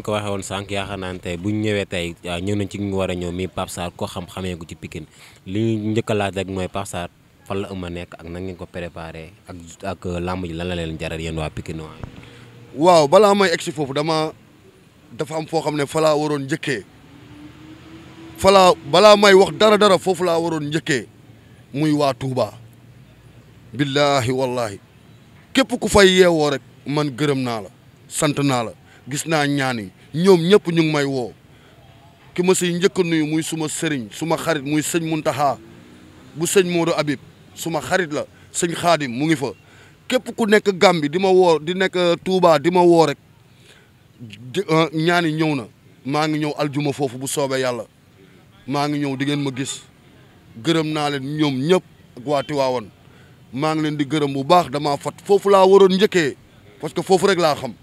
leen waxee woon sànq yaakaar naa ne tey ñëwee tey ah, ñëw nañ ci ñu war a ñëw mi Pape Sarr ko xam xamee ko ci Pikine li ñu njëkk laaj rek mooy Pape Sarr fan la nekk ak nan ngeen ko préparé ak ak euh, làmb ji la leen jaral yéen waa waaw balaa may egsi foofu dama dafa am xam ne fa laa njëkkee fa balaa may wax dara dara foofu laa waroon njëkkee muy waa Touba. billahi wallahi képp ku fay yeewoo rek man gërëm naa la sant naa la gis naa ñaani ñoom ñëpp ñu ngi may woo ki ma siy njëkk nuyu muy suma sëriñ suma xarit muy sëñ Muntaxa bu sëñ Modou abib suma xarit la sëñ Xaadim mu ngi fa képp ku nekk Gàmbi di ma woo di nekk Touba di ma woo rek euh, ñaan yi ñëw na maa ngi ñëw aljuma foofu bu soobee yàlla maa ngi ñëw di ngeen ma gis gërëm naa leen ñoom ñëpp ak waa Tiwaawan maa ngi leen di gërëm bu baax damaa fat foofu laa waroon njëkkee parce que foofu rek laa xam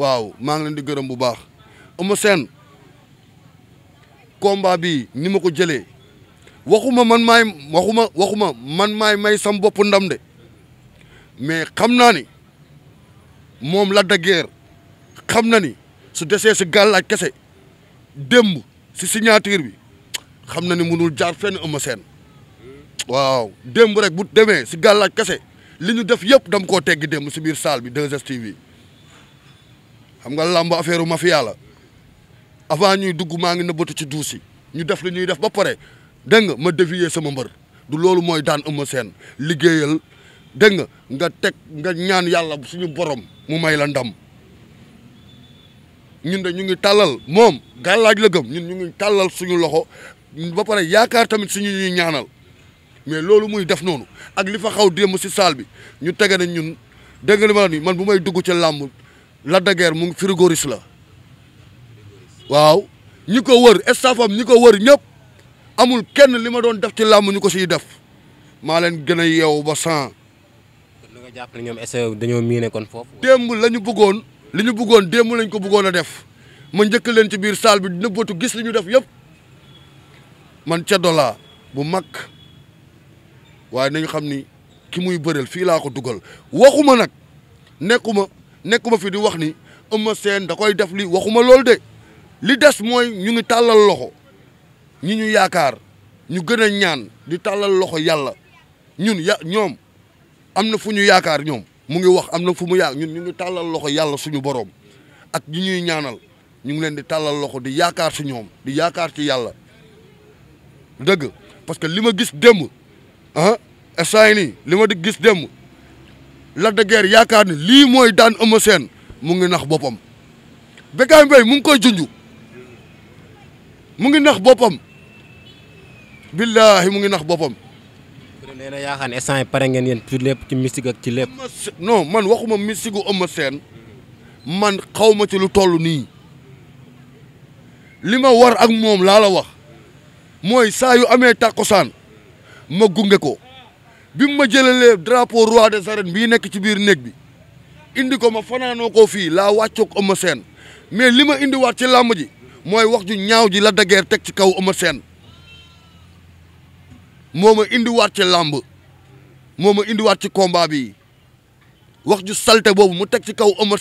waaw maa ngi leen di gërëm bu baax Eumeu Sène combat bi ni ma ko jëlee waxuma man maay waxuma man maay may sam bopp ndam de mais xam naa ni moom la da xam na ni su desee si gàllaaj kese démb si si signature bi xam na ni mënul jaar fenn Eumeu waaw démb rek bu demee si gàllaaj kese li ñu def yëpp dam koo teggi démb si biir salle bi 2STV xam nga làmb affaire mafia la avant ñuy dugg maa ngi nëbbatu ci duus yi ñu def li ñuy def ba pare dégg nga ma dévier sama mbër du loolu mooy daan ëmma seen liggéeyal dégg nga nga teg nga ñaan yàlla suñu borom mu may la ndam ñun de ñu ngi tàllal moom gàllaaj la gëm ñun ñu ngi tàllal suñu loxo ba pare yaakaar tamit suñu ñuy ñaanal mais loolu muy def noonu ak li fa xaw démb si saal bi ñu tege na ñun dégg nga li ma ni man bu may dugg ci làmb la de mu ngi frigoriste la waaw ñi ko wër estafam ñi ko wër ñëpp amul kenn li ma doon def ci làmb ñu ko siy def maa leen gën a yeewu ba sang. kon nga jàpp ne ñoom dañoo miine kon foofu. démb la ñu bëggoon li ñu bëggoon démb lañ ko buggoon a def ma njëkk leen ci biir salle bi nëbbatu gis li ñu def yëpp man ceddo laa bu mag waaye nañu xam ni ki muy bëreel fii laa ko dugal waxuma nag nekkuma. nekk ma fi di wax ni Eumeu seen da koy def li waxuma loolu de li des mooy ñu ngi tàllal loxo ñi ñu yaakaar ñu gën a ñaan di tàllal loxo yàlla ñun ya ñoom am na fu ñu yaakaar ñoom mu ngi wax am na fu mu yaa ñun ñu ngi tàllal loxo yàlla suñu borom ak ñu ñuy ñaanal ñu ngi leen di tàllal loxo di yaakaar si ñoom di yaakaar ci yàlla dëgg parce que li ma gis démb ah instant yii nii li ma di gis démb Lac de yaakaar ni lii mooy daan Eumeu Sène mu ngi nax boppam Bécaye Mbaye mu ngi koy junju mu ngi nax boppam billaahi mu ngi nax boppam. nee na yaakaar ne instant ngeen yéen ci ci mystique ak ci lépp. non man waxuma mystique gu Eumeu Sène man xawma ci lu toll nii li ma war ak moom laa la wax mooy saa yu amee tàkkusaan ma gunge ko. bi mu ma jëlalee drapeau roi des arènes bii nekk ci biir néeg bi indi ko ma fanaanoo ko fii laa wàccoog Eumeu Sène mais li ma indiwaat ci làmb ji mooy wax ju ñaaw ji la dageer teg ci kaw Eumeu Sène moo ma indiwaat ci làmb moo ma indiwaat ci combat bi wax ju salte boobu mu teg ci kaw Eumeu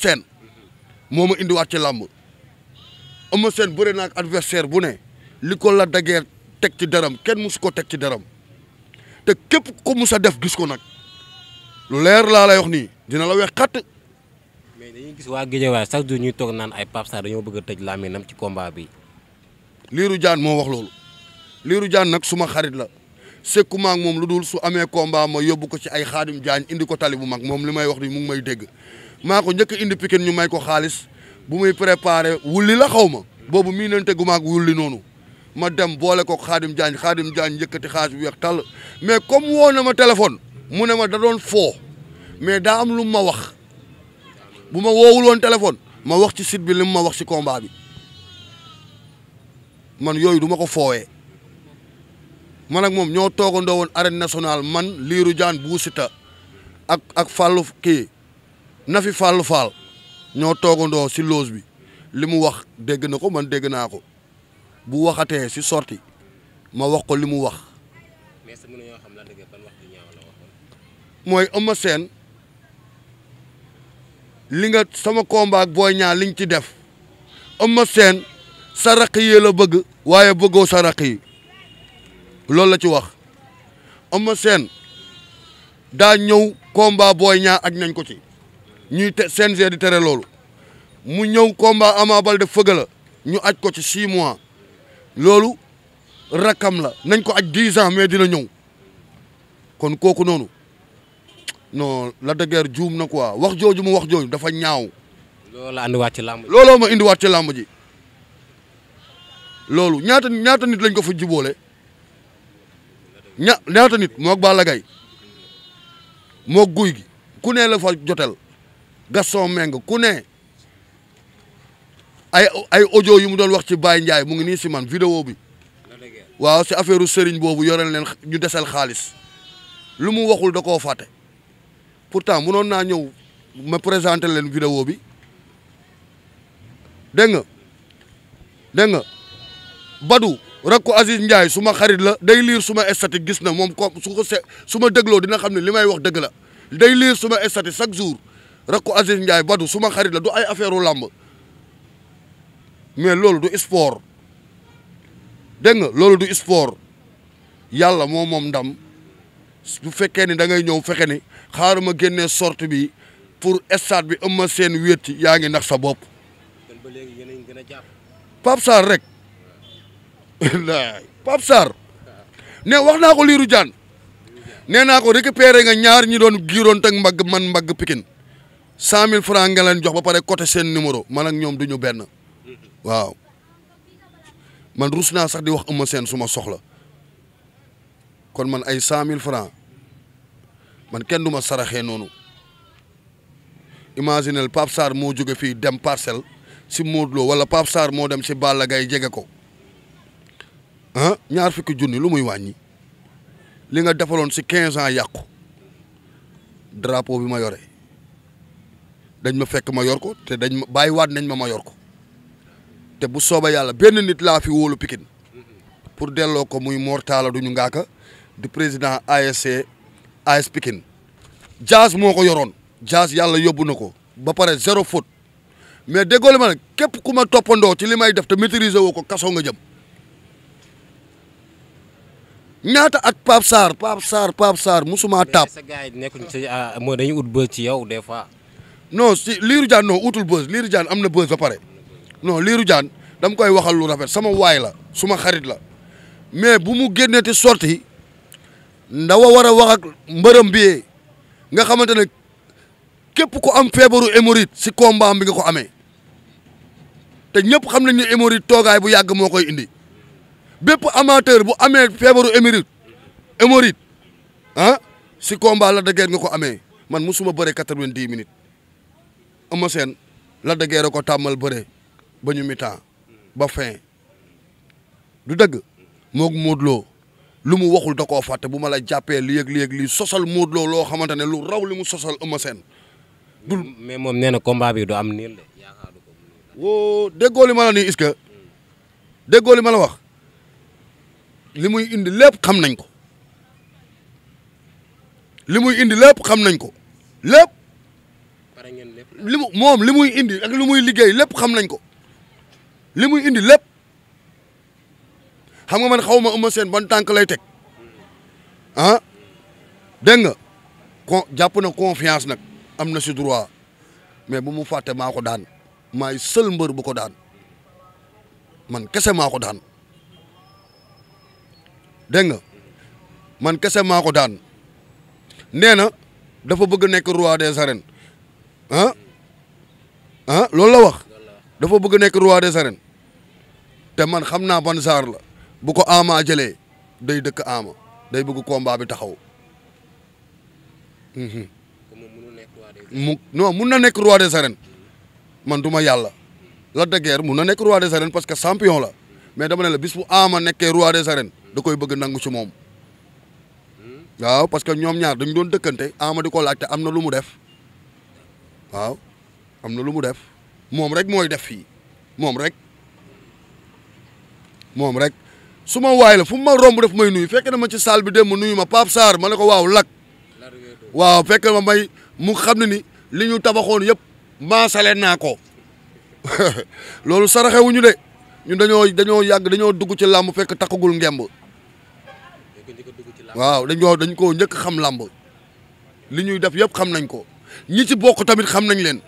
moo ma indiwaat ci làmb Eumeu Sène bëre naag adversaire bu ne li ko la dageer teg ci daram kenn musu ko teg ci daram te képp ku mu sa def gis ko nag lu leer laa lay wax nii dina la weex xatt mais dañuy gis waa Guédiawaye chaque jour ñuy toog naan ay Pape Sarr dañoo bëgg a tëj làmmiñam ci kombaa bi. liiru jaan moo wax loolu liiru jaan nag suma xarit la sekkuma ak moom lu dul su amee combat ma yóbbu ko ci ay Khadim Diagne indi ko tali bu mag moom li may wax ni mu ngi may dégg maa njëkk indi Pikine ñu may ko xaalis bu muy préparé wulli la xawma boobu miinante gu maag wulli noonu. ma dem boole ko xaadim jaañ xaadim jaañ yëkkati xaalis bu weex tàll mais comme woone ma téléphone mu ne ma da foo mais daa am lu ma wax bu ma woowul woon téléphone ma wax ci site bi li mu ma wax si combat bi man yooyu du ma ko foowee man ak moom ñoo toogandoo woon arène nationale man liiru jaan buusita ak ak fàllu kii na fi faal ñoo toogandoo si loos bi li mu wax dëgg na ko man dégg naa ko bu waxatee si sorti ma wax ko li mu wax. mais est-ce que mën nañoo xam lan dëgg ban wax mooy Eumeu Sène li nga sama combat ak Boy Niang liñ ci def Eumeu Sène sa raq la bëgg waaye bëggoo sa raq yi loolu la ci wax Eumeu Sène daa ñëw combat Boy Niang aj nañ ko ci ñuy te di tere loolu mu ñëw combat Ama Baldé fëgg la ñu aj ko si 6 mois loolu rakkam la nañ ko aj dix ans mais dina ñëw kon kooku noonu non la de guerre juum na quoi wax jooju mu wax jooju dafa ñaaw. loolu la andiwaat ci làmb ji looloo ma indiwaat ci làmb ji loolu ñaata ñaata nit lañ ko fa juboole ña ñaata nit moo Balla Gaye moo guy gi ku ne la fa jotel Gaston Meng ku ne ay ay audio yu mu doon wax ci Baye Ndiaye mu ngi nii si man vidéo bi waaw si affaire sëriñ boobu yoreel leen ñu desal xaalis lu mu waxul da koo fàtte pourtant munoon naa ñëw ma présenté leen vidéo bi dégg nga dégg nga Badou rek ko Aziz Ndiaye xarit la day liir suma statique gis na moom ko su ko se dégloo dina xam ne li may wax dëgg la day liir suma statique chaque jour rek ko Aziz Ndiaye Badou su ma xarit la du ay affaire u làmb mais loolu du sport dégg nga loolu du sport yàlla moo moom ndam bu fekkee ni da ngay ñëw fexe ni xaaral ma génne sort bi pour stade bi ëmma seen wéeti yaa ngi nax sa bopp. ba gën a jàpp. Pape Sarr rek Pape Sarr ne wax naa ko Lirou Diane nee naa ko récupéré nga ñaar ñi doon giiroon teg mbagg man mbagg Pikine cent mille francs nga leen jox ba pare côté seen numéro man ak ñoom du ñu benn. waaw man rus naa sax di wax Eumeu Sène suma soxla kon man ay cent mille francs man kenn du ma saraxee noonu imaginel Pape sar moo jóge fii dem parcelle si Modou Lo wala Pape Sarr moo dem si Balla gay jege ko ah ñaar fukki junni lu muy wàññi li nga defaloon si quinze ans yàqu drapeau bi ma yore dañ ma fekk ma yor ko te dañ ma waat nañ ma ma yor ko te bu sooba yàlla benn nit laa fi wóolu Pikine pour delloo ko muy Mor Talla Duñu Ngaaka di président ASC AS Pikine Diaz moo ko yoroon Diaz yàlla yóbbu na ko ba pare zéro faute mais déggoo li ma nag képp ku ma toppandoo ci li may def te maîtriser woo ko kaso nga jëm ñaata ak Pape Sarr Pape Sarr Pape Sarr musuma taab. sa gars yi nekkuñ ci ah, mooy dañuy ut bës ci yow des fois. non si Lirou Diane non utul bës Lirou Diane am na bës ba pare. non liiru Diane dama koy waxal lu rafet sama waay la suma xarit la mais bu mu génnee génneti sorti ndaw a war a wax ak mbërëm bi nga xamante ne képp ku am feebaru hémorroïde si combat bi nga ko amee te ñëpp xam nañ ne hémorroïde toogaay bu yàgg moo koy indi bépp amateur bu amee feebaru hémorroïde hémorroïde ah si combat la daggéer nga ko amee man musuma bëre quatre-vingt-dix minutes ama seen la daggéer ko tàmmal bare ba ñu mi-temps ba fin du dëgg moog Modou Lo lu mu waxul da koo fàtte bu ma la jàppee li yëg li li sosal Modou loo xamante ne lu raw li mu sosal Eumeu Sène du mais moom nee na combat bi du am niil la nii est-ce que déggoo li ma la wax li muy indi lépp xam nañ ko li muy indi lépp xam nañ ko lépp. li mu moom li muy indi ak li muy liggéey lépp xam nañ ko. li muy indi lépp xam nga man xaw ma seen Sène ban tànk lay teg ah dégg nga kon jàpp na confiance nag am na si droit mais bu mu fàtte maako daan maay sël mbër bu ko daan man kese maako daan dégg nga man kese maako daan nee na dafa bëgg nekk roi des arènes ah ah loolu la wax. dafa bëgg nekk roi des arènes te man xam naa ban saar la bu ko ama jëlee day dëkk ama day bëgg combat bi taxaw. Mhm. mu non mun na nekk roi des arènes man du ma yàlla la de mun na nekk roi des arènes parce que champion la mais dama ne la bis bu ama nekkee roi des arènes da koy bëgg nangu ci moom. Hmm. waaw parce que ñoom ñaar dañ doon dëkkante ama di ko laajte am na lu mu def waaw am na lu mu def. moom rek mooy def fii moom rek moom rek su ma waay la fu ma romb def may nuyu fekk na ma ci salle bi dem ma nuyu ma Pape Sarr ma ne ko waaw lak waaw fekk ma may mu xam ne ni li ñu tabaxoon yëpp maasale naa ko loolu saraxewuñu de ñun dañoo dañoo yàgg dañoo dugg ci làmb fekk takkagul ngemb waaw dañ ko dañ koo njëkk xam làmb li ñuy def yëpp xam nañ ko ñi ci bokk tamit xam nañ leen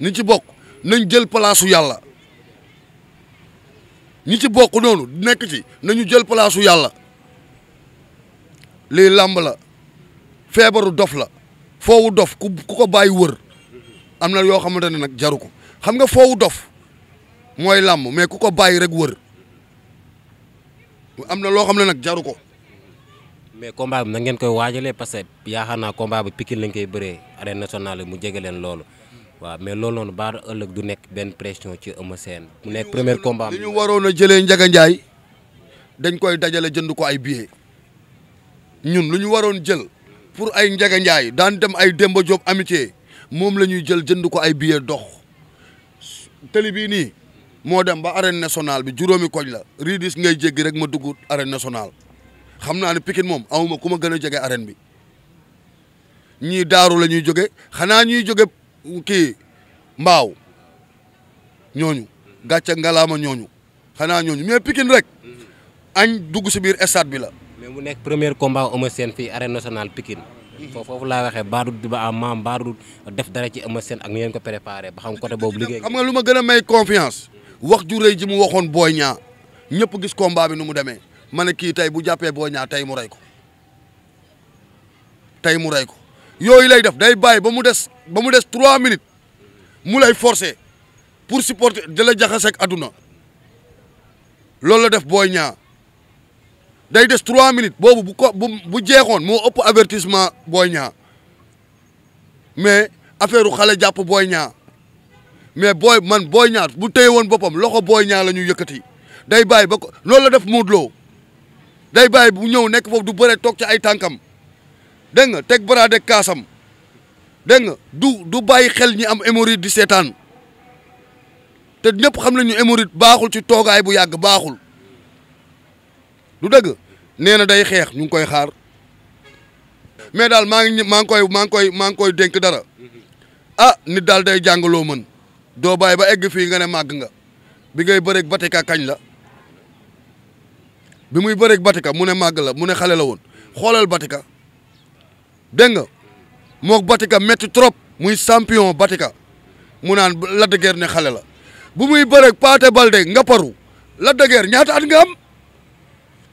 ni ci bokk nañ jël palaasu yàlla ñi ci bokk noonu nekk ci nañu jël palaasu yàlla lii làmb la feebaru dof la foowu dof ku ko bàyyi wër am na loo xamante ne nag jaru ko xam nga foowu dof mooy làmb mais ku ko bàyyi rek wër am na loo xam ne nag jaru ko. mais combat bi na ko koy waajalee parce que yaakaar naa combat bi Pikine lañ koy bëree arène nationale mu jege leen loolu. waaw mais loolu noonu Bada ëllëg du nekk benn pression ci Eumeu Sène mu nekk premier combat li ñu waroon a jëlee Ndiaga Ndiaye dañ koy dajale jënd ko ay billets ñun lu ñu waroon jël pour ay Ndiaga Ndiaye daan dem ay Demba Diop amitié moom la ñuy jël jënd ko ay billets dox tëli bii nii moo dem ba arène nationale bi juróomi koñ la ridis ngay jéggi rek ma dugg arène nationale xam naa ne pikin moom amuma ku ma gën a jege arène bi ñii daaru la ñuy jóge xanaa ñuy jóge kii mbaaw ñooñu gàcce ngalaama ñooñu xanaa ñooñu mais Pikine rek mm-hmm. añ dugg si biir stade bi la. mais mu nekk premier combat Eumeu Sène fii arène nationale Pikine. Mm-hmm. foofu laa waxee baadu ba maam baadu def dara ci Eumeu seen ak ñu leen ko préparé ba xam côté boobu liggéey. xam nga lu ma gën a may confiance wax ju rëy ji mu waxoon booy ñaa ñëpp gis combat bi nu mu demee man a kii tey bu jàppee Boy Niang tey mu rey ko tey mu rey ko. yooyu lay def day bàyyi ba mu des ba mu des trois minutes mu lay forcer pour supporter di la jaxase ak àdduna loolu la def booy ñaa day des trois minutes boobu bu ko bu bu jeexoon moo ëpp avertissement booy ñaa mais affaire xale jàpp booy ñaa mais booy man booy ñaa bu téye woon boppam loxo booy ñaa la ñuy yëkkati day bàyyi ba ko loolu la def Modou Lo day bàyyi bu ñëw nekk foofu du bëre toog ci ay tànkam. dégg nga teg bara deg kaasam dégg nga du du bàyyi xel ñi am hémorroïde di seetaan te ñëpp xam nañu hémorroïde baaxul ci toogaay bu yàgg baaxul du dëgg nee na day xeex ñu ngi koy xaar mais daal maa ngi maa ngi koy maa ngi koy maa ngi koy dénk dara ah nit daal day jàngaloo mën doo bàyyi ba egg fii nga ne màgg nga bi ngay bëreeg Batika kañ la bi muy bëreeg Batika mu ne màgg la mu ne xale la woon xoolal Batika dégg nga moog Batika métti trop muy champion Batika mu naan Lac de Guiers ne xale la bu muy bëreeg Pathé Baldé nga paru Lac de ñaata at nga am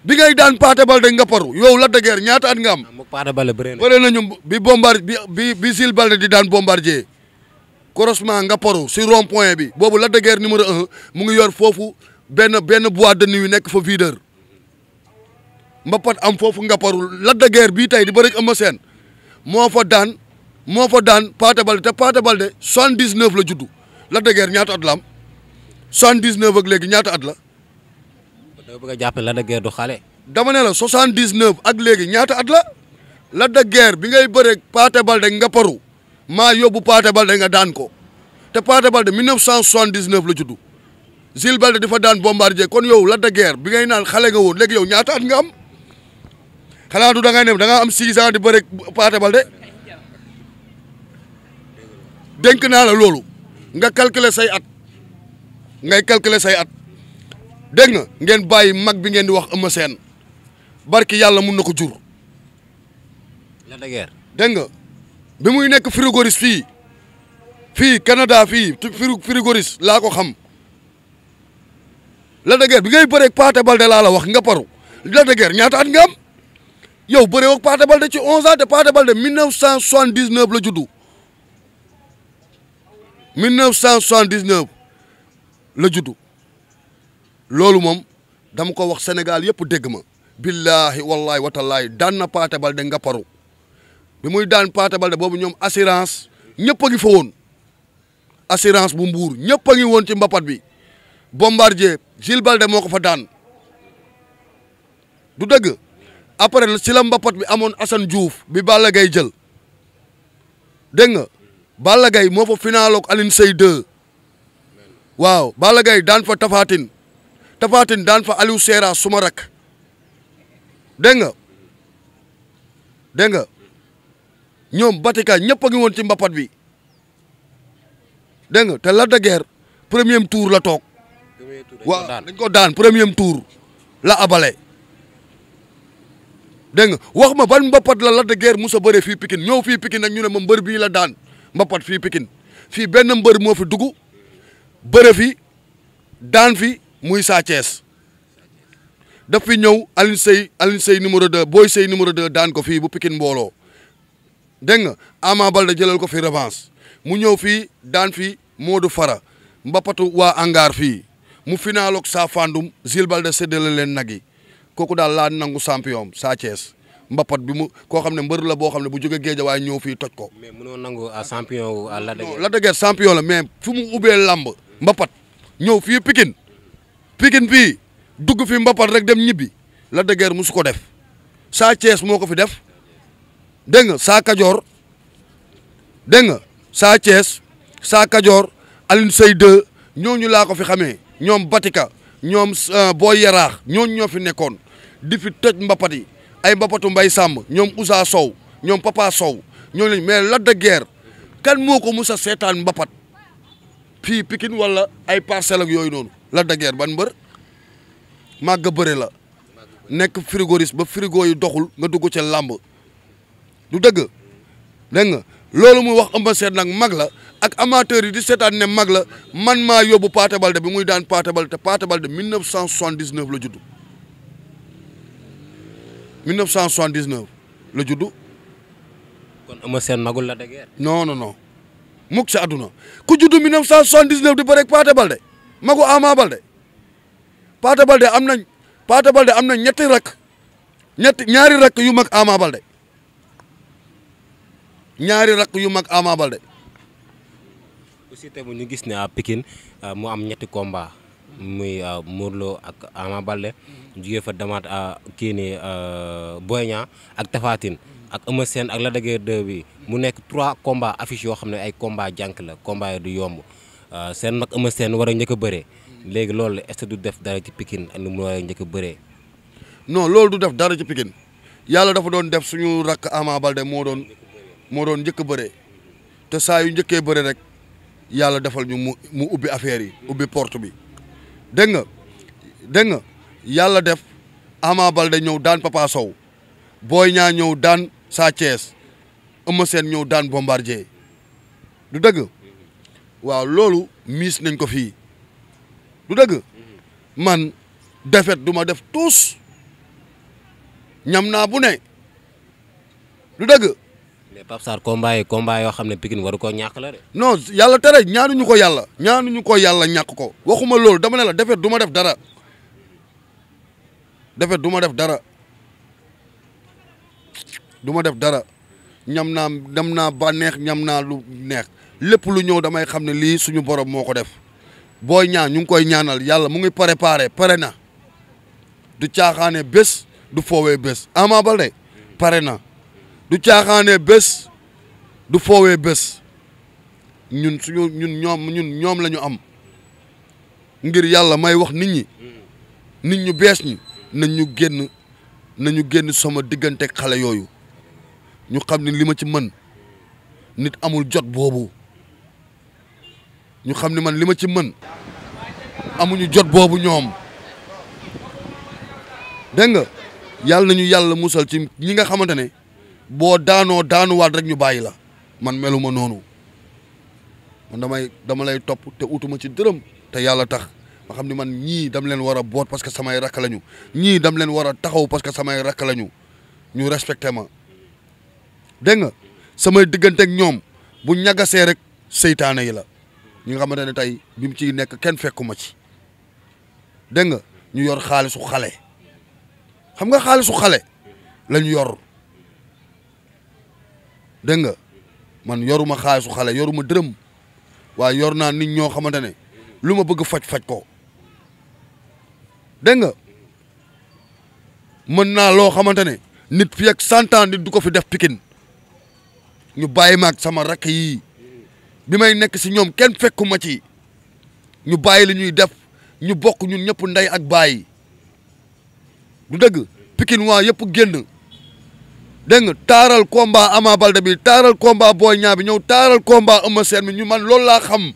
bi ngay daan Pathé Baldé nga paru yow Lac de ñaata at nga am. moog Pathé Baldé bëre nañu bi bombard bi bi bi Jules Baldé di daan bombardier croisement nga paru si rond bi boobu Lac de Guiers numéro mu ngi yor foofu benn benn boîte de nuit nekk fa videur mbapat am foofu nga paru Lac de Guiers bii tey di bëreeg Eumeu Sène moo fa daan moo fa daan Pathé Baldé te Pathé balde soixante-dix-neuf la juddu la de Guiers ñaata at la am soixante-dix-neuf ak léegi ñaata at la. da bëgg a jàpp Lac dama ne la soixante dix ak léegi ñaata at la Lac de bi ngay bëreeg Pathé Baldé nga paru maa yóbbu Pathé Baldé nga daan ko te Pathé Baldé 1979 la juddu Jules Baldé di fa daan Bombardier kon yow la de bi ngay naan xale nga woon léegi yow ñaata at nga am. xanaa du da nga ne da am six ans di bëre Pathé Baldé dénk naa la loolu nga calculer say at ngay calculer say at dégg nga ngeen bàyyi mag bi ngeen di wax Eumeu Sène barki yàlla mun na ko jur. la dëgër nga bi muy nekk frigoriste fii fii Canada fii frigoriste laa ko xam la dëgër bi ngay bëreeg Pathé Baldé laa la wax nga paru la dëgër ñaata at nga am. yow bëree woog Pathé Baldé ci 11 ans te Pathé Baldé 1979 la juddu 1979 la juddu loolu moom dama ko wax senegal yëpp dégg ma. billahi wallahi watalahi daan na bal Baldé nga paru bi muy daan Pathé Baldé boobu ñoom assurance ñëpp a ngi assurance bu mbuur ñëpp a woon ci mbapat bi bombardier Gilles Baldé moo ko fa daan du dëgg. après si la bi amoon Assane Diouf bi Balla Gaye jël dégg nga Balla Gaye moo fa final ak Alioune Seye waaw Balla Gaye daan fa Tafatine Tafatine daan fa Aliou Sera suma rek dégg nga dégg nga ñoom Batika ñëpp a woon ci mbapat bi dégg nga te Lac de Guiers premier tour la toog waaw ko daan premier tour la abale dégg nga wax ma ban mbapat la Lac de Guiers musa bëre fii pikin ñëw fi Pikine nag ñu ne ma mbër bii la daan mbapat fii pikin fii benn mbër moo fi dugg bëre fi daan fi muy Sa Thiès daf fi ñëw Alioune Seye Alioune numéro 2 Boy sey numéro 2 daan ko fii bu pikin mbooloo dégg nga Ama Baldé jëlal ko fi revanche mu ñëw fii daan fi Modou Fara mbapatu wa Angar fii mu finaaloog saa Fandoum Zil Baldé séddale leen nag yi kooku daal laa nangu champion Sa Thiès mbapat bi mu koo xam ne mbër la boo xam ne bu jóge géejawaay ñëw fii toj ko. mais mënoo nangu à euh, champion wu à euh, Lac la mais fu mu ubbee làmb mbapat ñëw fii Pikine Pikine fii dugg fi mbapat rek dem ñibbi la de Guiers musu def Sa Thiès moo ko fi def dégg nga Sa Kajoor dégg nga Sa Thiès Sa Kajoor Alioune Seye 2 ñooñu laa ko fi xamee ñoom Batika ñoom euh, Boy Yaraax ñooñu ñoo fi nekkoon. di fi toj mbapat yi ay mbapatu Mbaye Samb ñoom Ousa Sow ñoom pappa Sow ñoo lañ mais Lac de Guiers kan moo ko mus a seetaan mbapat fii Pikine wala ay parcelles ak yooyu noonu Lac de Guiers ban mbër màgg bëre la nekk frigoriste ba frigo yi doxul nga dugg ca làmb du dëgg dégg nga loolu muy wax Eumeu Sène nag mag la ak amateur yi di seetaan ne mag la man maa yóbbu Pathé Baldé bi muy daan Pathé Baldé te Pathé Baldé 1979 la judd 1979 la juddu. kon Eumeu Sène magul la dëgër. non non non mukk si àdduna ku juddu 1979 di bëreeg Pathé Baldé magu Ama Baldé Pathé Baldé am nañ Pathé Baldé am na ñetti rakk ñetti ñaari rakk yu mag Ama Baldé ñaari rakk yu mag Ama Balde. aussi tamit ñu gis ne à Pikine euh, mu am ñetti combat muy euh, Mourlo ak Ama Balde jugee fa demaat euh, kii nii euh, Boy Niang ak Tapha ak Eumeu Sène ak la de Guiers bi mu nekk trois combats affiches yoo xam ne ay combats jànk la combats yi du yomb seen nag Eumeu Sène war a njëkk bëree léegi loolu est ce du def dara ci Pikine ak lu mu war a bëree. non loolu du def dara ci Pikine yàlla dafa doon def suñu rakk Ama Balde moo doon moo doon njëkk a bëree te saa yu njëkkee bëri rek yàlla defal ñu mu mu ubbi affaire yi ubbi porte bi. dégg nga dégg nga yàlla def Ama Baldé ñëw daan Papa Sow Boy Niang ñëw daan Sa Thiès Eumeu ñëw daan Bombardier du dëgg waaw loolu miis nañ ko fii du dëgg man defet du ma def tuus ñam naa bu ne du dëgg mais Pape Sarr combat yi yoo xam ne Pikine waru koo ñàkk la de. non yàlla tere ñaanuñu ko yàlla. ñaanuñu ko yàlla ñàkk ko waxuma loolu dama ne la defet du ma def dara defet du ma def dara du ma def dara ñam na dem naa bànneex ñam naa lu neex lépp lu ñëw damay xam ne lii suñu borom moo ko def booy ñaan ñu ngi koy ñaanal yàlla mu ngi préparé pare na du caaxaane bés du foowee bés Ama Baldé pare na. du caaxaanee bés du foowee bés ñun suñu ñun ñoom ñun ñoom la am ngir yàlla may wax nit ñi nit ñu bees ñi nañ ñu génn nañu génn sama diggante xale yooyu ñu xam ne li ma ci mën nit amul jot boobu ñu xam ni man li ma ci mën amuñu jot boobu ñoom dégg nga yàlla nañu yàlla musal ci ñi nga xamante ne boo daanoo daanuwaat rek ñu bàyyi la man meluma noonu man damay dama lay topp te utuma ci dërëm te yàlla tax ma xam ni man ñii dam leen war a boot parce que samay rakk lañu ñii dam leen war a taxaw parce que samay rakk lañu ñu respecté ma dégg nga samay digganteeg ñoom bu ñagasee rek seytaane yi la ñi nga xamante ne tey bi mu ciy nekk kenn fekkuma ci dégg nga ñu yor xaalisu xale xam nga xaalisu xale lañ yor dégg nga man yoruma xaalisu xale yoruma dërëm waaye yor naa nit ñoo xamante ne lu ma bëgg faj-faj ko dégg nga mën naa loo xamante ne nit fi ak cent ans nit du ko fi def pikin ñu bàyyi ma sama rakk yii bi may nekk si ñoom kenn fekku ma ci ñu bàyyi li ñuy def ñu bokk ñu ñëpp ndey ak bàyyi du dëgg pikin waa yëpp génn dégg nga taaral combat Ama Baldé bi taaral combat Boy Niang bi ñëw taaral combat Eumeu Sène bi ñu man loolu laa xam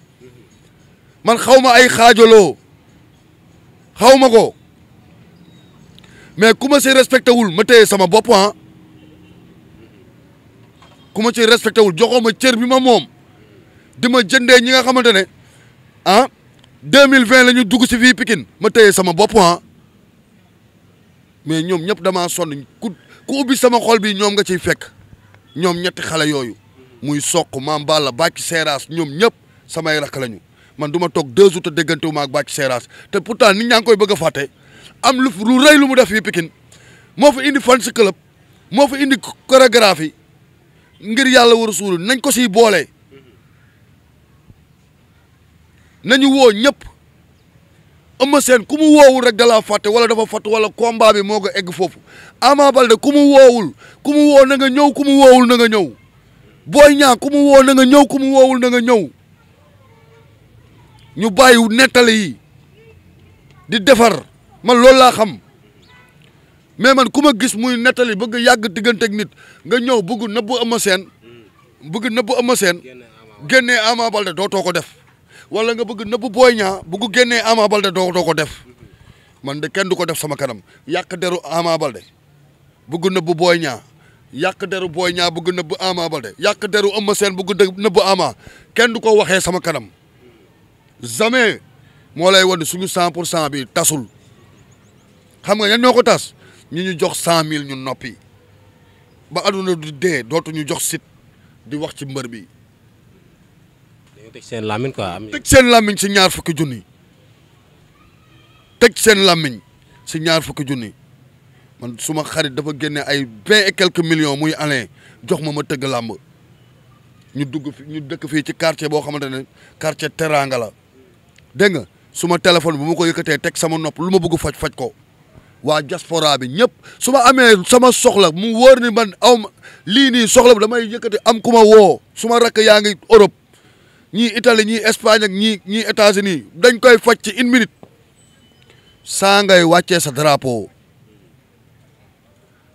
man xaw ay xaajaloo xaw ko mais ku ma si respecté wul ma téye sama bopp ah ku ma si respecté wul joxoo ma cër bi ma moom di ma jëndee ñi nga xamante ne ah deux mille vingt la ñu dugg si fii pikin ma téye sama bopp ah mais ñoom ñëpp damaa sonn ku. ku ubbi sama xol bi ñoom nga ciy fekk ñoom ñetti xale yooyu muy soq maam Balla Bàcc Seeraas ñoom ñëpp samay rakk lañu man du ma toog deux jours te déggante wu ma ak Bàcc Seeraas te pourtant nit ñaa ngi koy bëgg a fàtte am lu lu rëy lu mu def fii Pikine moo fa indi fans club moo fa indi chorégraphie ngir yàlla war a suul nañ ko siy boole nañu woo ñëpp Eumeu Sène ku mu woowul rek da laa fàtte wala dafa fàtte wala combat bi moo ko egg foofu Ama Baldé ku mu woowul ku mu woo na nga ñëw ku mu woowul na nga ñëw Boy Niang ku mu woo na ñëw ku mu woowul na nga ñëw ñu bàyyi nettali yi di defar man loolu laa xam mais man ku ma gis muy nettali bëgg yàgg diggante ak nit nga ñëw bëgg nëbbu Eumeu Sène bëgg nëbbu Eumeu Sène génnee Ama Baldé dootoo ko def wala nga bëgg nëbb Boy ñaa bu ko génnee Ama Baldé doo doo ko def man de kenn du ko def sama kanam yàq deru Ama Baldé bëgg nëbb booy Niang yàq deru Boy Niang bëgg nëbb Ama Baldé yàq deru Eumeu Sène bëgg nëbb Ama kenn du ko waxee sama kanam jamais moo lay wan suñu cent pour cent bi tasul xam nga ñan ñoo ko tas ñu ñu jox cent mille ñu noppi ba aduna du dootuñu jox sit di wax ci mbër bi teg seen làmmiñ quoi. teg seen làmmiñ si ñaar fukki junni seen làmmiñ si ñaar fukki junni man suma xarit dafa génne ay vingt et quelques millions muy Alain jox ma ma tëgg làmb ñu dugg ñu dëkk fii ci quartier boo xamante ne quartier Teranga dégg nga suma téléphone bu ma ko yëkkatee teg sama nopp lu ma bëgg faj faj ko waa diaspora bi ñëpp su ma amee sama soxla mu wóor ni man aw ma lii nii soxla bi damay yëkkati am ku ma woo suma ma rakk yaa ngi Europe ñii Italie ñii Espagne ñii ñii États-Unis dañ koy faj ci une minute saa ngay wàccee sa drapeau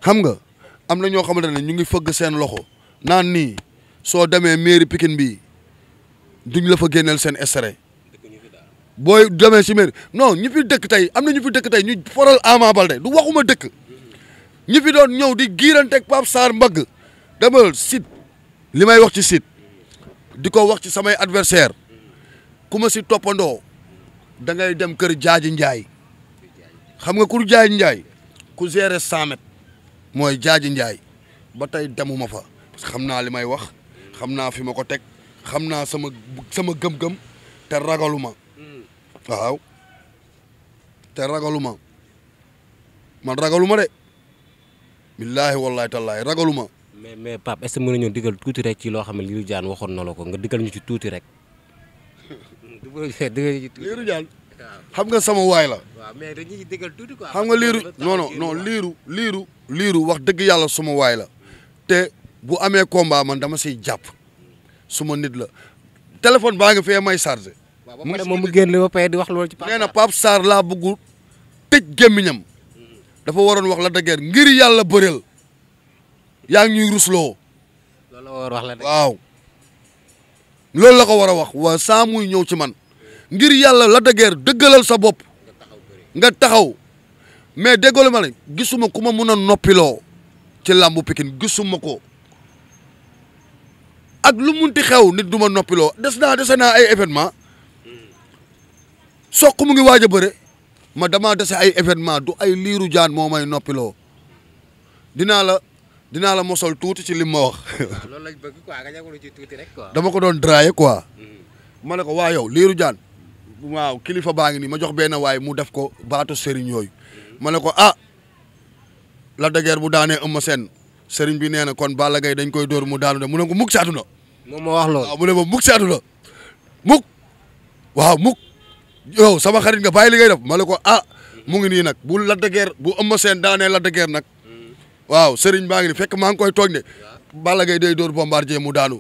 xam nga am na ñoo xamante ne ñu ngi fëgg seen loxo naan nii soo demee mairie Pikine bi duñ la fa génneel seen extrait booy demee si mairie non ñu fi dëkk tey am na ñu fi dëkk tey ñu foral Ama Baldé du waxuma dëkk ñi fi doon ñëw di giiranteeg Pape Sarr mbagg demal site li may wax ci site. di ko wax ci samay adversaire ku ma si toppandoo dangay dem kër jaaji njaay xam nga ku jaaji njaay ku gérer cent mooy jaaji njaay ba tey demuma fa parce que xam naa li may wax xam naa fi ma ko teg xam naa sama sama gëm-gëm te ragaluma waaw te ragaluma man ragaluma de billaahi wallaahi tallaahi ragaluma mais mais Pape est-ce que mën nañoo tuuti rek ci loo xam ne Lirou Diane waxoon na la ko nga digal ñu ci tuuti rek. Lirou Diane. xam nga sama waay la. mais dañuy digal tuuti quoi. xam nga Lirou non non non Lirou Lirou wax dëgg yàlla suma waay la te bu amee combat man dama si jàpp suma nit la téléphone baa ngi fee may chargé. mu ngi moom mu génn ba pare di wax loolu ci Pape Sarr na Pape Sarr laa bëgg tëj gémmiñam mm. dafa waroon wax la dëgër ngir yàlla bëreel. yaa ngi ñuy rusloo. loolu la war waaw. loolu la ko war a wax waa saa muy ñëw ci man ngir yàlla la dëgër dëggalal sa bopp nga taxaw mais déggoo ma ne gisuma ku ma mun a noppiloo ci làmb pikin gisuma ko ak lu munti xew nit du ma noppiloo des naa dese naa ay événement soq mu ngi waaj a bëre ma damaa dese ay événement du ay liiru jaan moo may noppiloo dinaa la. dinaa la mosol tuuti ci li ma wax. loolu lañ bëgg quoi nga rek quoi. dama ko doon draye quoi. Mm-hmm. ma ne ko waa yow liiru jaan. waaw kilifa baa ngi nii ma jox benn waay mu def ko baatu sëriñ yooyu. Mm-hmm. ma ne ko ah. la dëgër bu daanee ëmma seen sëriñ bi nee na kon Balla dañ koy dóor mu daanu de mu ne ko mukk moom moo wax loolu waaw mu ne ma mukk sama xarit nga bàyyi li ma ne ko ah mu ngi nii nag bu la dëgër bu ëmma daanee la dëgër nag. waaw Serigne baa ngi ni fekk maa ngi koy tooñ de Balla Gaye day dóor Bombardier mu daanu